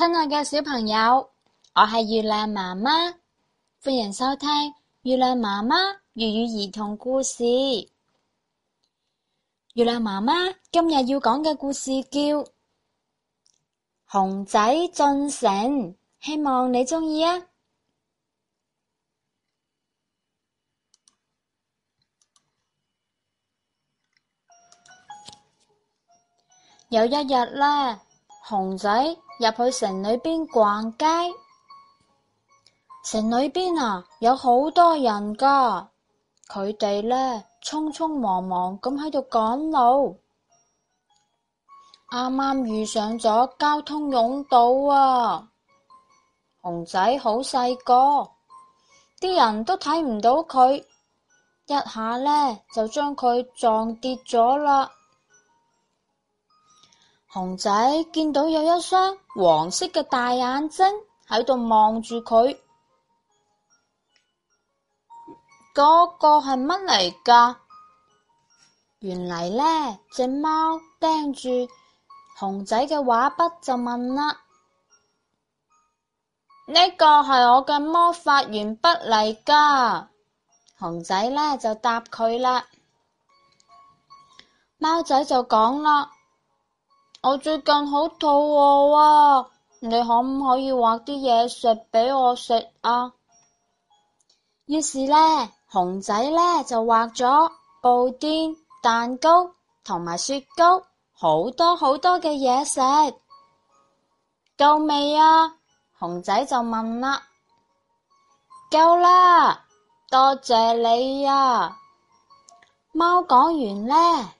親愛嘅小朋友，我係月亮媽媽，歡迎收聽月亮媽媽粵語兒童故事。月亮媽媽今日要講嘅故事叫《熊仔進城》，希望你鍾意啊！有一日咧。熊仔入去城裏邊逛街，城裏邊啊有好多人噶，佢哋呢，匆匆忙忙咁喺度趕路，啱啱遇上咗交通擁堵啊！熊仔好細個，啲人都睇唔到佢，一下呢，就將佢撞跌咗啦。熊仔見到有一雙黃色嘅大眼睛喺度望住佢，嗰、這個係乜嚟噶？原嚟呢隻貓盯住熊仔嘅畫筆就問啦，呢個係我嘅魔法鉛筆嚟噶？熊仔呢就答佢啦。貓仔就講咯。我最近好肚餓啊！你可唔可以畫啲嘢食俾我食啊？於是呢，熊仔呢就畫咗布丁、蛋糕同埋雪糕，好多好多嘅嘢食。夠未啊？熊仔就問啦。夠啦！多謝你啊。貓講完呢。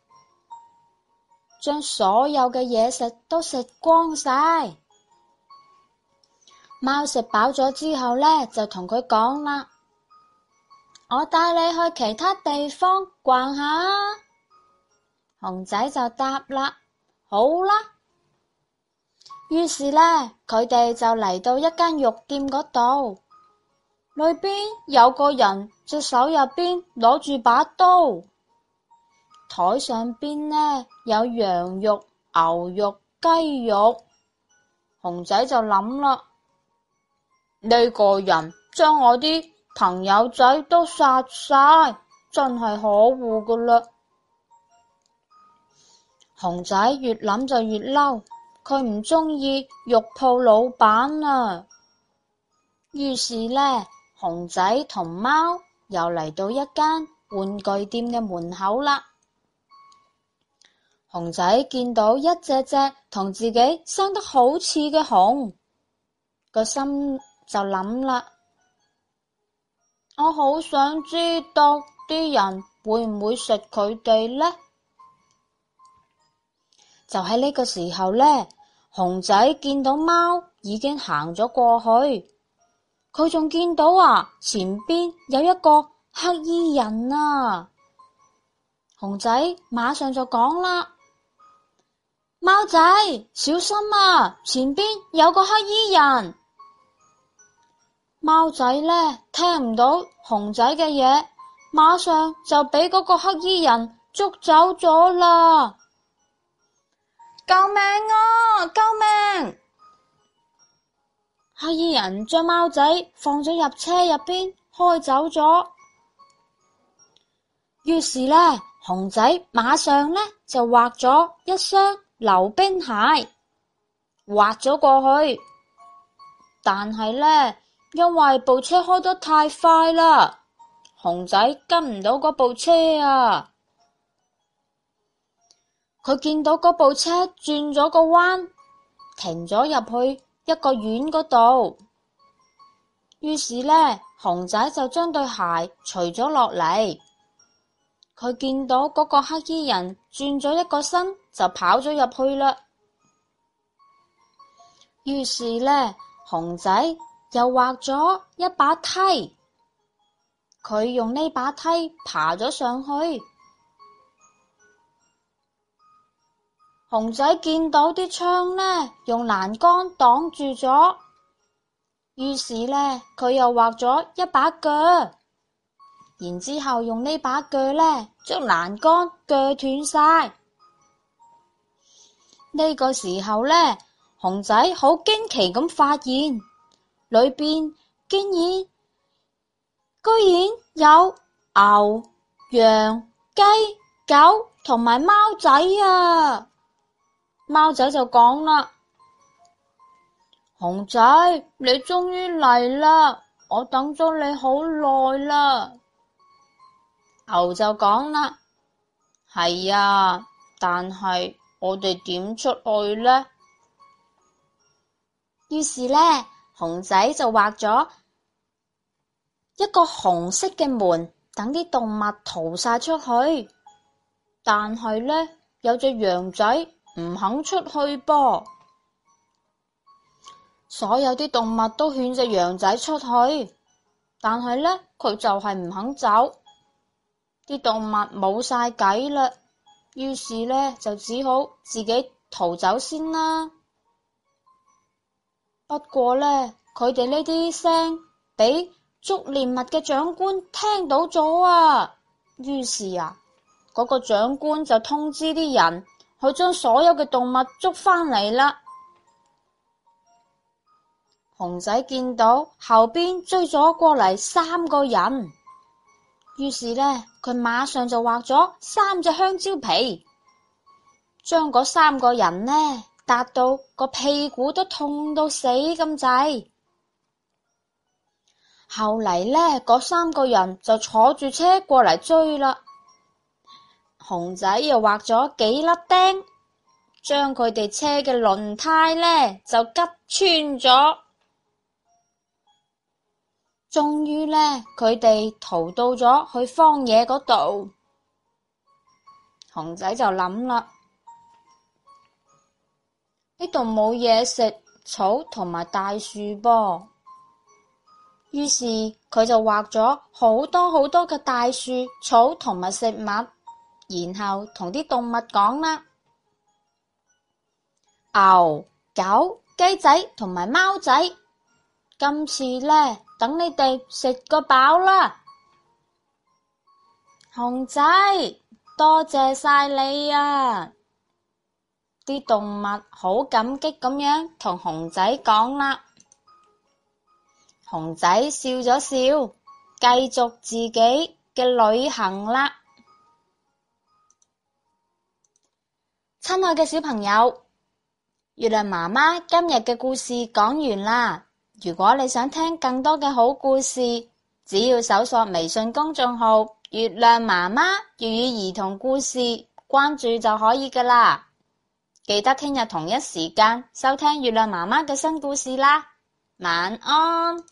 將所有嘅嘢食都食光晒，貓食飽咗之後呢，就同佢講啦： 我帶你去其他地方逛下。熊仔就答啦：好啦。於是呢，佢哋就嚟到一間肉店嗰度，裏邊有個人隻手入邊攞住把刀。海上邊呢有羊肉、牛肉、雞肉，熊仔就諗啦。呢個人將我啲朋友仔都殺晒，真係可惡噶啦！熊仔越諗就越嬲，佢唔鍾意肉鋪老闆啊。於是呢，熊仔同貓又嚟到一間玩具店嘅門口啦。熊仔見到一隻隻同自己生得好似嘅熊，個心就諗啦：我好想知道啲人會唔會食佢哋呢？就喺呢個時候呢，熊仔見到貓已經行咗過去，佢仲見到啊前邊有一個黑衣人啊！熊仔馬上就講啦。貓仔小心啊！前邊有個黑衣人。貓仔呢聽唔到熊仔嘅嘢，馬上就俾嗰個黑衣人捉走咗啦！救命啊！救命！黑衣人將貓仔放咗入車入邊，開走咗。於是呢，熊仔馬上呢就畫咗一箱。溜冰鞋滑咗過去，但係呢，因為部車開得太快啦，熊仔跟唔到嗰部車啊！佢見到嗰部車轉咗個彎，停咗入去一個院嗰度，於是呢，熊仔就將對鞋除咗落嚟。佢見到嗰個黑衣人轉咗一個身就跑咗入去啦。於是呢，熊仔又畫咗一把梯，佢用呢把梯爬咗上去。熊仔見到啲窗呢，用欄杆擋住咗，於是呢，佢又畫咗一把鋸，然之後用呢把鋸呢，將欄杆鋸斷晒。呢個時候呢，熊仔好驚奇咁發現裏邊竟然居然有牛、羊、雞、狗同埋貓仔啊！貓仔就講啦：熊仔，你終於嚟啦！我等咗你好耐啦。牛就講啦：係啊，但係。我哋點出去呢？於是呢，熊仔就畫咗一個紅色嘅門，等啲動物逃晒出去。但係呢，有隻羊仔唔肯出去噃。所有啲動物都勸隻羊仔出去，但係呢，佢就係唔肯走。啲動物冇晒計啦。於是呢，就只好自己逃走先啦。不過呢，佢哋呢啲聲俾捉獵物嘅長官聽到咗啊。於是啊，嗰個長官就通知啲人去將所有嘅動物捉返嚟啦。熊仔見到後邊追咗過嚟三個人。於是呢，佢馬上就畫咗三隻香蕉皮，將嗰三個人呢，達到個屁股都痛到死咁滯。後嚟呢，嗰三個人就坐住車過嚟追啦。熊仔又畫咗幾粒釘，將佢哋車嘅輪胎呢就拮穿咗。終於呢，佢哋逃到咗去荒野嗰度，熊仔就諗啦：呢度冇嘢食，草同埋大樹噃。於是佢就畫咗好多好多嘅大樹、草同埋食物，然後同啲動物講啦：「牛、狗、雞仔同埋貓仔，今次呢。」等你哋食個飽啦。熊仔，多謝晒你啊！啲動物好感激咁樣同熊仔講啦，熊仔笑咗笑，繼續自己嘅旅行啦。親愛嘅小朋友，月亮媽媽今日嘅故事講完啦。如果你想聽更多嘅好故事，只要搜索微信公眾號《月亮媽媽粵語兒童故事》，關注就可以㗎喇。記得聽日同一時間收聽月亮媽媽嘅新故事啦。晚安。